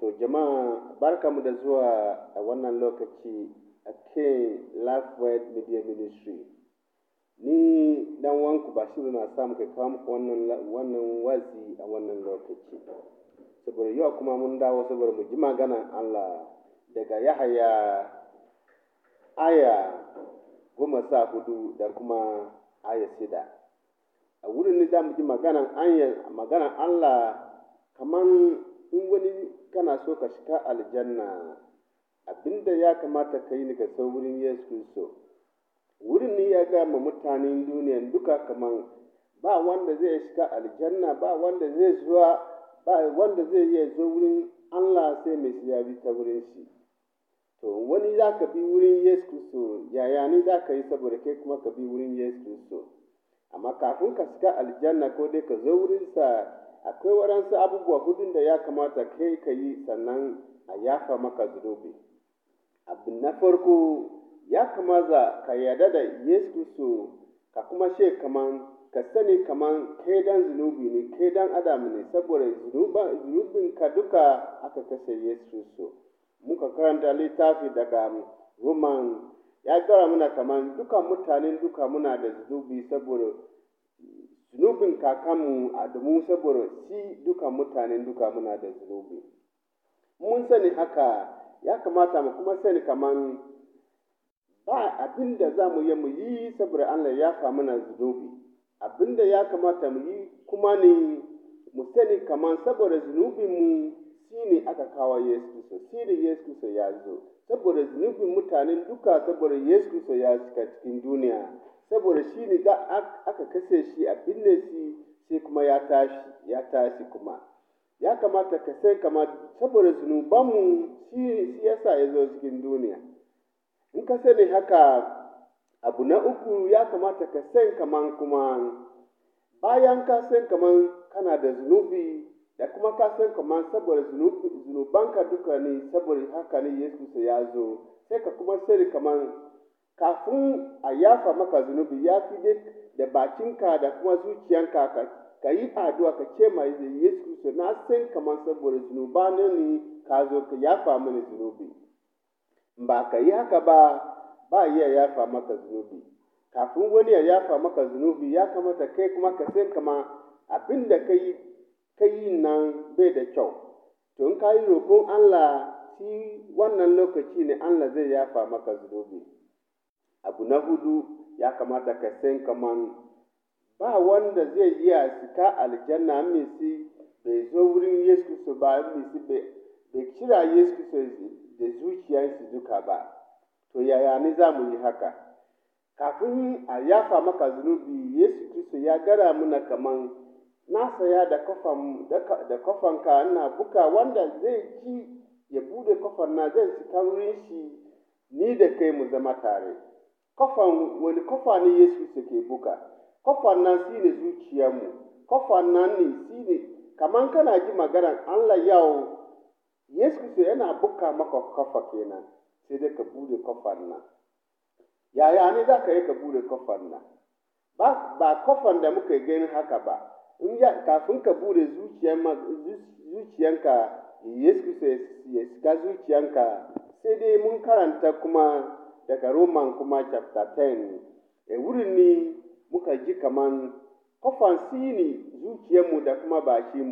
To jama'a barkamu da zuwa a wannan lokaci a kan Lifeword Media Ministry. Ni dan wanku Bashiru na sa muka kawo muku wannan wazi a wannan lokaci. Saboda yau kuma mun dawo saboda mu ji maganan Allah daga Yahaya aya goma sa hudu da kuma aya shida. A wurin ni za mu ji maganan Allah kaman in wani kana so ka shiga aljanna abinda ya kamata ka yi ka san wurin Yesu Kristo wurin ne ya gama mutanen duniya duka kaman ba wanda zai shiga aljanna ba wanda zai zuwa ba wanda zai iya zo wurin Allah sai mai ya bi ta wurin shi to wani za ka bi wurin Yesu Kristo yaya ne za ka yi saboda kai kuma ka bi wurin Yesu Kristo amma kafin ka shiga aljanna ko dai ka zo sa akwai waɗansu abubuwa hudun da ya kamata kai ka yi sannan a yafa maka zunubi abin na farko ya kamata ka yarda da yesu kristo ka kuma ce kaman ka sani kaman kai dan zunubi ne kai dan adam ne saboda zunubin ka duka aka kashe yesu kristo muka karanta littafi daga roman ya gara muna kaman duka mutanen duka muna da zunubi saboda Zunubin kakanmu Adamu saboda shi duka mutanen duka muna da zunubi. Mun sani haka ya kamata mu kuma sani kaman ba abin da za mu yi mu yi saboda Allah ya fa mana zunubi. Abin da ya kamata mu yi kuma ne mu sani kaman saboda zunubinmu shi ne aka kawo Yesu Kristo, shi ne Yesu Kristo ya zo. Saboda zunubin mutanen duka saboda Yesu Kristo ya cika cikin duniya. saboda shi ne da aka kashe shi a binne shi sai kuma ya tashi ya tashi kuma ya kamata ka sai kama saboda zunubanmu shi shi yasa ya zo cikin duniya in ka sani haka abu na uku ya kamata ka sai kaman kuma bayan ka sai kaman kana da zunubi da kuma ka sai kaman saboda zunubanka duka ne saboda haka ne yesu ya zo sai ka kuma sani kaman kafin a yafa maka zunubi ya fi dai da bakinka da kuma zuciyanka ka ka yi addu'a ka ce mai Yesu Kristo na san kamar saboda zunuba ne ne ka zo ka yafa mini zunubi ba ka yi haka ba ba iya yafa maka zunubi kafin wani ya yafa maka zunubi ya kamata kai kuma ka san kama abin da ka yi nan bai da kyau to in ka yi roƙon Allah shi wannan lokaci ne Allah zai yafa maka zunubi abu na hudu ya kamata ka san kaman ba wanda zai iya sika aljanna misi bai zo wurin yesu kristo ba misi bai kira yesu kristo da zuciya zuciyarsu duka ba to yaya ne za mu yi haka kafin a yafa maka zunubi yesu kristo ya gara muna kaman na saya da ka ina buka wanda zai ci ya bude kofan na zai sika wurin shi ni da kai mu zama tare Kofan wani kofa ne Yesu ke buka, kofan nan shi ne zuciyarmu, kofan nan ne shi ne, kamar kana ji maganar Allah yawo, Yesu yana buka maka kofa kenan, sai dai ka bude kofan nan. Yaya ne za ka yi ka bude kofan nan? Ba, ba kofan da muka gani haka ba, in ya kafin ka bude zuciyanka Yesu ya shiga zuciyanka sai dai mun karanta kuma daga Roman kuma chapter 10, e wurin ne muka ji kaman kofan sini zuciyarmu da kuma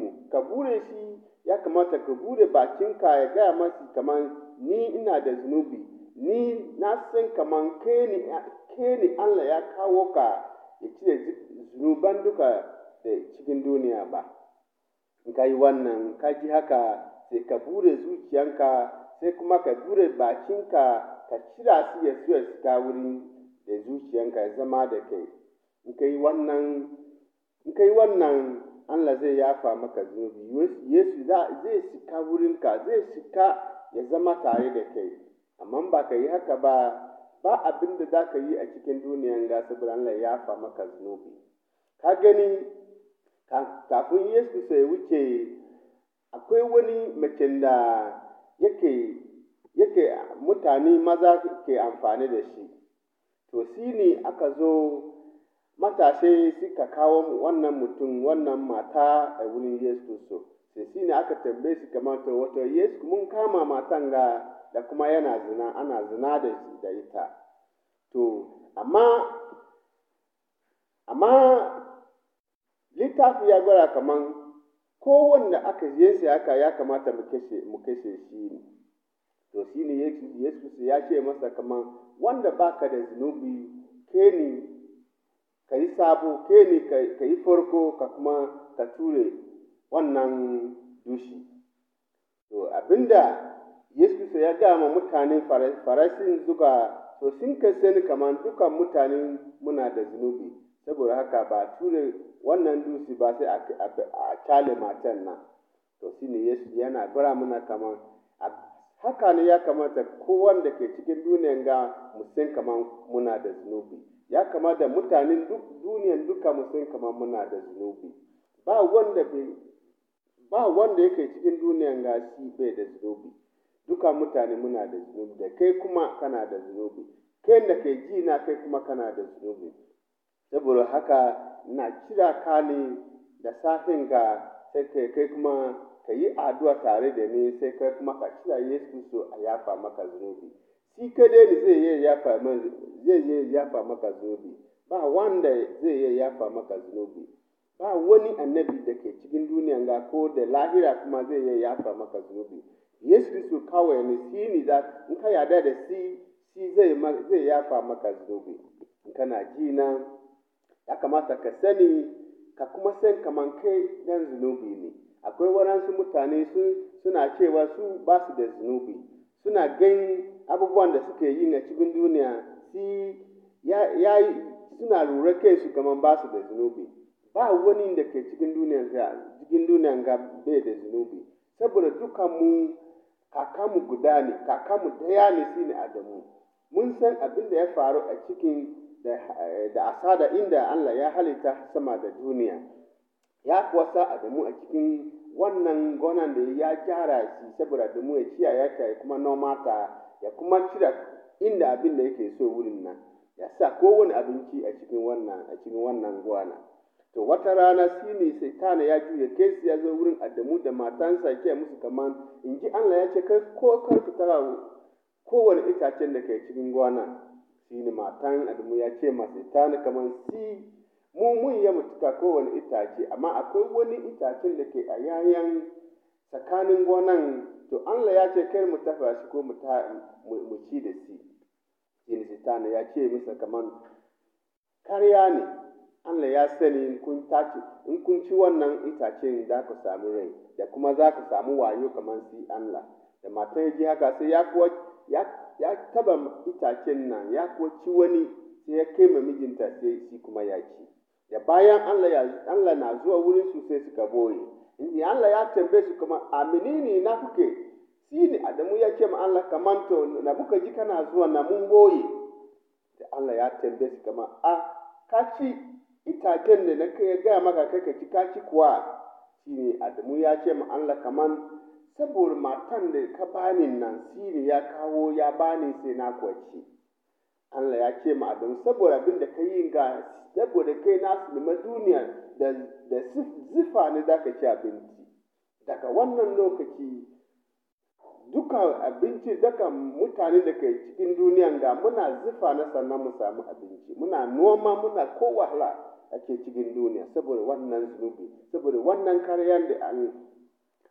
mu ka bure shi ya kamata ka bude bakinka ya gaya masu kaman ni ina da zunubi, ni na san kaman ke ni, Allah ya kawo ka ya cire zunuban duka da cikin duniya ba. In ka yi wannan, ka ji haka sai ka bure zuciyanka sai kuma ka jure bakinka ka cira su ya su ya shiga wuri da zuciyanka ya zama da kai in ka yi wannan Allah zai yafa maka zunubi Yesu zai shiga wurinka zai shiga ya zama tare da kai amma ba ka yi haka ba ba abin da za ka yi a cikin duniyan ga saboda Allah ya yafa maka zunubi ka gani kafin Yesu sai wuce akwai wani mace da yake mutane maza ke amfani da shi. To shi ne aka zo matashe suka kawo wannan mutum wannan mata a wurin Yesu so To shi ne aka tambaye shi kamar to wato Yesu mun kama matan ga da kuma yana zina ana zina da ita. To amma amma littafi ya gwada kaman kowanne aka yesu haka ya kamata mu kashe mu kashe shi ne to shi ne yesu ya ce masa kaman wanda baka da zunubi ke ne ka yi sabo ke ne ka yi farko ka kuma ka ture wannan dushi to abinda yesu ya gama mutane farashin zuga to sun kasani kaman dukan mutane muna da zunubi saboda haka ba ture wannan dutse ba sai a kyale matan nan to shine yesu yana gura mana kamar haka ne ya kamata kowanda ke cikin duniyan ga musin kamar muna da zunubi ya kamata mutanen duniyan duka musin kamar muna da zunubi ba wanda ba wanda yake cikin duniyan ga shi bai da zunubi duka mutane muna da zunubi da kai kuma kana da zunubi kai da ke ji na kai kuma kana da zunubi saboda haka na kira ka ne da safin ka sai kai kuma ka yi addu'a tare da ni sai kai kuma ka kira Yesu Kristo a yafa maka zunubi shi kadai ne zai yi yafa zai iya yafa maka zunubi ba wanda zai yi yafa maka zunubi ba wani annabi da ke cikin duniyan ga ko da lahira kuma zai yi yafa maka zunubi Yesu Kristo kawai ne shi ne da in ka yarda da shi shi zai yafa maka zunubi in kana ji na ya kamata ka sani ka kuma san kaman kai dan zunubi ne akwai waransu mutane su suna cewa su ba su da zunubi suna ganin abubuwan da suke yi na cikin duniya si ya, ya suna lura kai su kaman ba su da zunubi ba wani da ke cikin duniyan ga cikin duniyan ga bai da zunubi saboda dukan mu kakamu guda ne kakamu daya ne shine Adamu mun san abin da ya faru a cikin da da inda Allah ya halitta sama da duniya ya kuwa sa Adamu a cikin wannan gonan da ya gyara shi saboda da ya kiyaye ta ya kuma noma ta ya kuma cire inda abin da yake so wurin nan ya sa kowane abinci a cikin wannan a cikin wannan gwana to wata rana shi ne saitana ya juya kai ya zo wurin Adamu da matansa ke musu kaman in ji Allah ya ce kai ko kar tara kowane itacen da ke cikin gwana shine matan adamu ya ce masu ni kamar si mu mun ya mutuka kowane itace amma akwai wani itacen da ke a yayan tsakanin gonan to Allah ya ce kai mu tafa shi ko mu ta ci da shi shine tani ya ce masa kamar karya ne Allah ya sani in kun tace in kun ci wannan itacen za ku samu rai da kuma za ku samu wayo kamar si Allah da matan ya ji haka sai ya kuwa ya taba itacen nan ya kuwa ci wani sai ya kai ma mijinta sai shi kuma ya ci da bayan Allah na zuwa wurin su sai suka boye inda Allah ya tambaye su kuma a menene na kuke shi ne Adamu ya ce ma Allah kaman to na kuka ji kana zuwa na mun boye da Allah ya tambaye su kama a ka ci itacen da na kai ya gaya maka kai ka ci ka ci kuwa shi ne Adamu ya ce ma Allah kaman saboda matan da ka bani nan shi ya kawo ya bani sai na kwace Allah ya ce ma saboda abin da ka yi ga saboda kai na sulma duniya da da zufa ne za ka ci abinci daga wannan lokaci duka abinci daga mutane da ke cikin duniyan ga muna zufa na sannan mu samu abinci muna noma muna ko wahala ake cikin duniya saboda wannan zunubi saboda wannan karyan da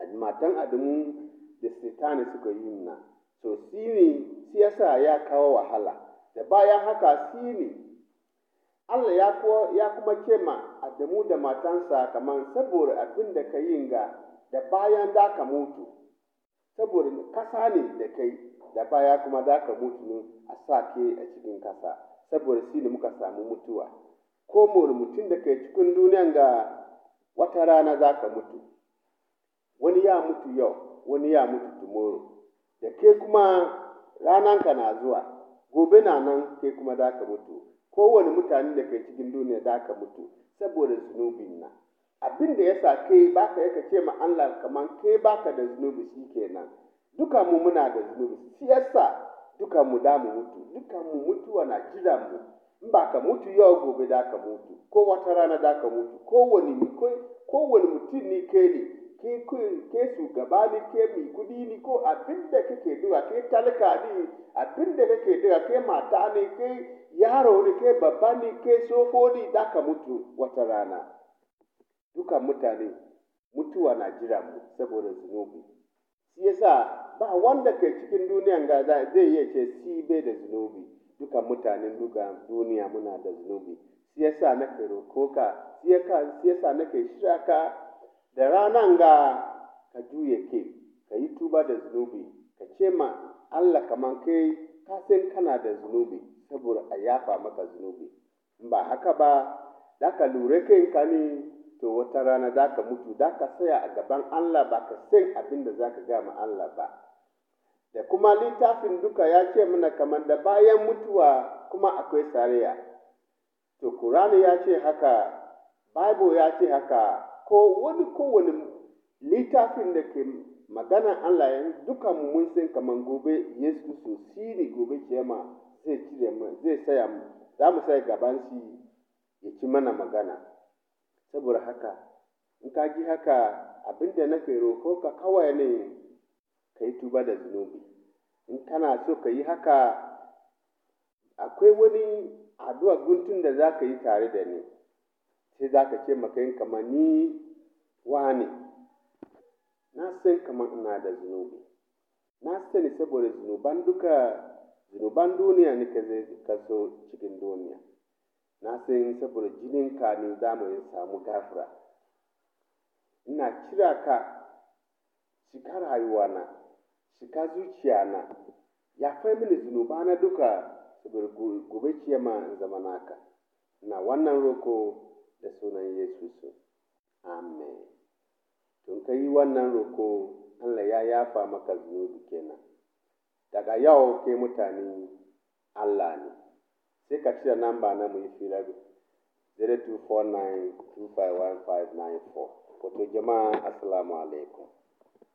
matan Adamu da Sitani suka yi na. To shi ne shi yasa ya kawo wahala, da bayan haka shi ne Allah ya kuma kema Adamu da matansa kamar saboda abin da ka yi ga da bayan da ka mutu, saboda kasa ne da kai da baya kuma da ka mutu ne a sa ke a cikin kasa, saboda shi ne muka samu mutuwa. Ko mutum da ke cikin duniyan ga wata rana za ka mutu. wani ya mutu yau wani ya mutu tomorrow da ke kuma ka na zuwa gobe na nan ke kuma da ka mutu kowane mutane da ke cikin duniya da ka mutu saboda zunubin na abin da ya sa ke ba ka yaka ce ma Allah kamar ke ba ka da zunubi shi kenan duka mu muna da zunubi shi yasa duka mu da mu mutu duka mu mutuwa na jira mu in ba ka mutu yau gobe da ka mutu ko wata rana da ka mutu kowane mutum ne ke ne ke ke shugaba ne ke mai kudi ne ko abin da kake duka ke talaka ne abin da kake duka ke mata ne ke yaro ne ke babba ne ke sofo ne da ka mutu wata rana duka mutane mutuwa na jira mu saboda zunubi shi yasa ba wanda ke cikin duniyan ga zai iya ce si bai da zunubi duka mutanen duka duniya muna da zunubi shi yasa nake roƙo ka shi yasa nake shiraka da ranan ga ka juye ke ka yi tuba da zunubi ka ce ma Allah kaman kai ka san kana da zunubi saboda a yafa maka zunubi in ba haka ba da ka lura kanka ne to wata rana za ka mutu za ka tsaya a gaban Allah ba ka san abin da za ka ma Allah ba da kuma littafin duka ya ce mana kamar da bayan mutuwa kuma akwai sariya to Kur'ani ya ce haka Bible ya ce haka ko wani kowane littafin da ke magana Allah ya duka mun san kaman gobe Yesu Kristo shi ne gobe kiyama zai cire mu zai saya mu za mu saya gaban shi ya ci mana magana saboda haka in ka ji haka abinda na fero ko ka kawai ne ka yi tuba da zunubi in kana so ka yi haka akwai wani addu'a guntun da za ka yi tare da ni sai za ka ce yin kamar ni wane na san kamar ina da zunubi na sani saboda zunuban duka zunuban duniya ne ka zai kaso cikin duniya na san saboda jinin ka ne za mu samu gafara ina kira ka shiga rayuwa na shika zuciya na ya fai mini na duka saboda gobe ciyama zama naka na wannan roko da sunan Yesusu. Amen. Tun ka yi wannan roko, Allah ya yafa maka zunubi kenan. Daga yau ke mutane Allah ne. Sai ka cire namba na mu yi filar 0249 251594. Wato jama'a, Assalamu alaikum.